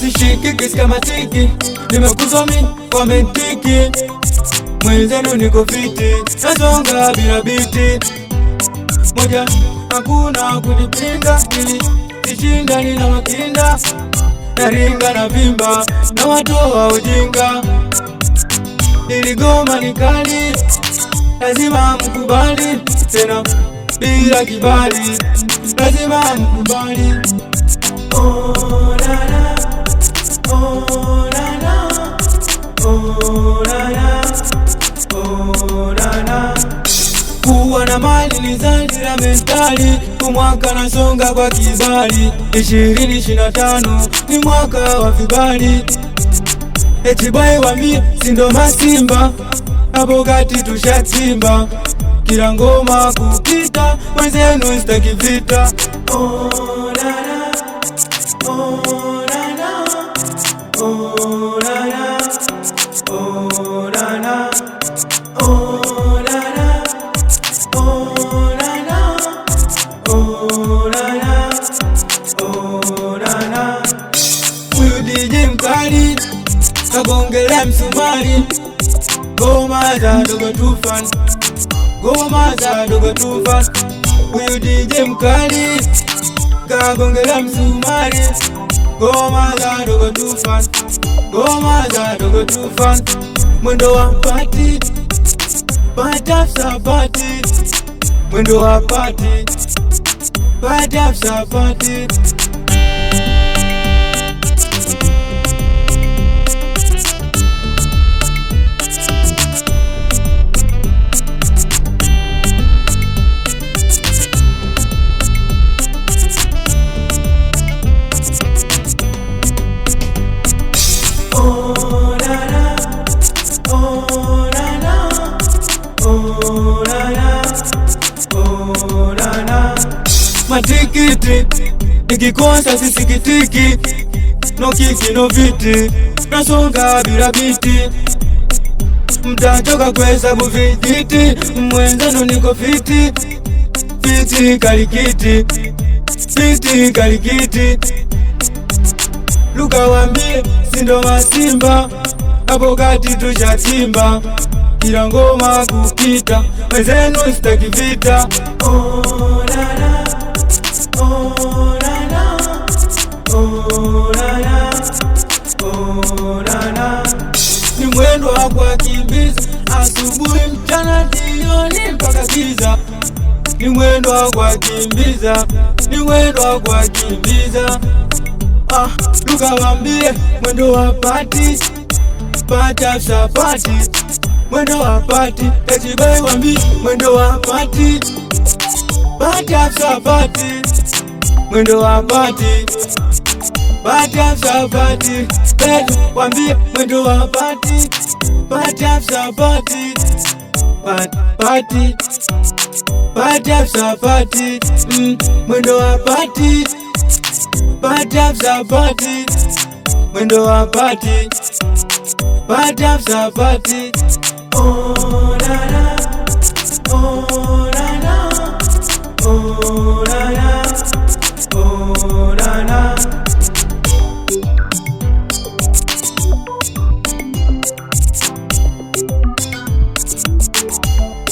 Sishiki kisi kama tiki, nimekuzwa mi kwa mentiki, mwenzenu niko fiti, nasonga bila biti moja, hakuna kunipinga, ili ishinda na makinda naringa na vimba na watoa ujinga. Niligoma kali, lazima mkubali tena bila kibali, lazima mkubali. Oh, la la. Oh, la la. Oh, la la. na mali ni zanzi na mentali, umwaka nasonga kwa kibali. Ishirini ishirini na tano ni mwaka wa vibali, wa mi sindo masimba hapo kati tushatimba, kila ngoma kupita mwenzenu sitaki vita. Oh, nana. Oh, nana. Oh, nana. Oh, nana. Oh, kagongela msumari gomazadogatufan gomazadogatufan uyu dj mkali kagongela msumari gomazadogatufan gomazadogatufan mwendo wa pati patafsapati mwendo wa pati patafsapati pati. tikiti nikikosa sisikitiki, no kiki no viti, nasonga bila biti, mtachoka kuhesabu vijiti, mwenzenu niko fiti, fiti kalikiti, fiti kalikiti, Luka wambie sindo masimba hapo kati tushatimba, kila ngoma kupita, wenzenu sitaki vita oh. Ni mwendo wa kuwakimbiza asubuhi, mchana, jioni mpaka giza. Ni mwendo wa kuwakimbiza, ni mwendo wa kuwakimbiza. Ah, tukawambie mwendo wa pati pata sapati, mwendo wa pati etibai wambi mwendo wa pati pata sapati mwendo wa bati bati afsa bati Bedu wambie mwendo wa bati bati afsa bati bati bati afsa bati mm. mwendo wa bati bati afsa bati mwendo wa bati bati afsa bati oh, la, la. oh. Bye.